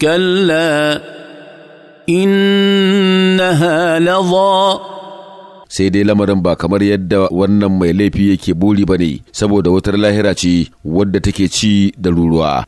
كلا إنها لظى sai dai lamarin ba kamar yadda wannan mai laifi yake boli ba ne saboda wutar lahira ce wadda take ci da ruruwa